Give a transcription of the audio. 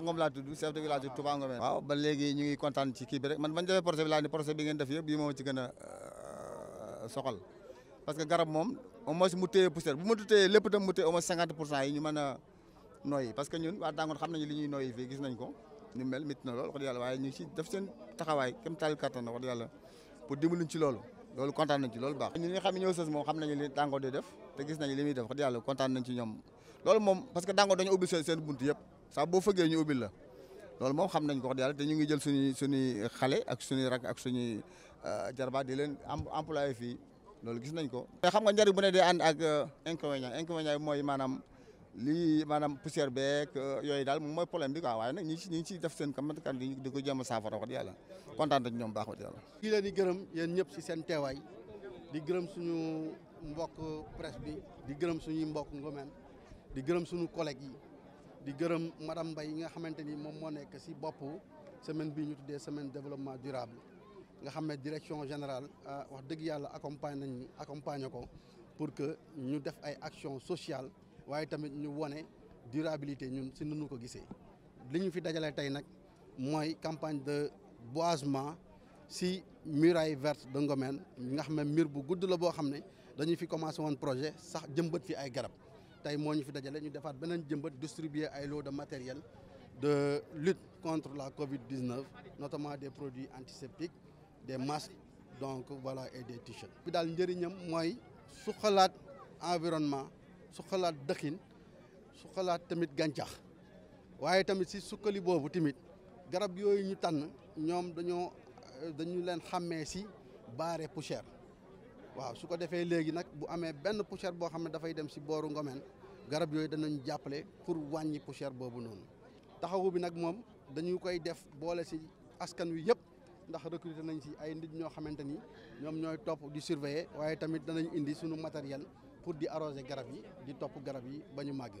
Moussa Ngom laa tudd chef de village de Touba Ngomène waaw ba léegi man bañ defee projet ni projet bi ngeen def yëpp bii moom ci gën a euh, soxal parce que garab moom au moins mu téye bu mu téye lépp mu téye au moins cinquante pour cent yi ñu mën parce que ñun waa Dangote xam def te gis nañu li def wax dëgg yàlla nañ ci ñoom loolu moom parce que Dangote dañu ubbi seen bunt yëpp sa bo feugé ñu ubil la lool moom xam nañ ko wax yàlla te ñu ngi jël suñu suñu xalé ak suñu rak ak suñu euh, jarba di leen employé fi lool gis nañ ko. te xam nga ndari bu ne day and ak euh, inconvénient inconvénient moy manam li manam poussière beeg euh, yoy dal moy problème bi quoi way nak ñi ci ñi ci def seen kam kan di ko jéem a saafara wax yalla kontaan ak ñom bax wax yalla ki leen di gërëm yeen ñëpp ci seen téway di gërëm suñu mbokk presse bi di gërëm suñu mbokk ngomeen di gërëm suñu collègue yi di gërëm madame Mbaye nga xamante ni moom moo nekk si bopp semaine bii ñu tuddee semaine développement durable nga xam direction générale euh, wax dëgg yàlla accompagne nañ accompagner ko pour que ñu def ay action sociale waaye tamit ñu wone durabilité ñun si nunu ko gisee li ñu fi dajale tey nag mooy campagne de boisement si muraille verte de Ngomène nga xam ne mur bu gudd la boo xam ne dañu fi commencé woon projet sax jëmbat fi ay garab tey moo ñu fi dajale ñu defaat beneen jëmbat distribuer ay lots de matériel de lutte contre la Covid-19 notamment des produits antiseptiques des masques donc voilà et des t Puis bi daal njëriñam mooy environnement su xalaat dëkkin su xalaat tamit gàncax waaye tamit si sukkali boobu tamit garab yooyu ñu tànn ñoom dañoo euh, dañu leen xàmmee si baare poussière waaw su ko defee léegi nag bu amee benn poussière boo xam ne dafay dem si booru Ngomen garab yooyu danañ jàppale pour wàññi poussière boobu noonu taxawu bi nag moom dañu koy def boole si askan wi yëpp ndax recruter nañ si ay nit ñoo xamante ni ñoom ñooy topp di surveiller waaye tamit danañ indi suñu matériel pour di arrosé garab yi di topp garab yi ba ñu màgg.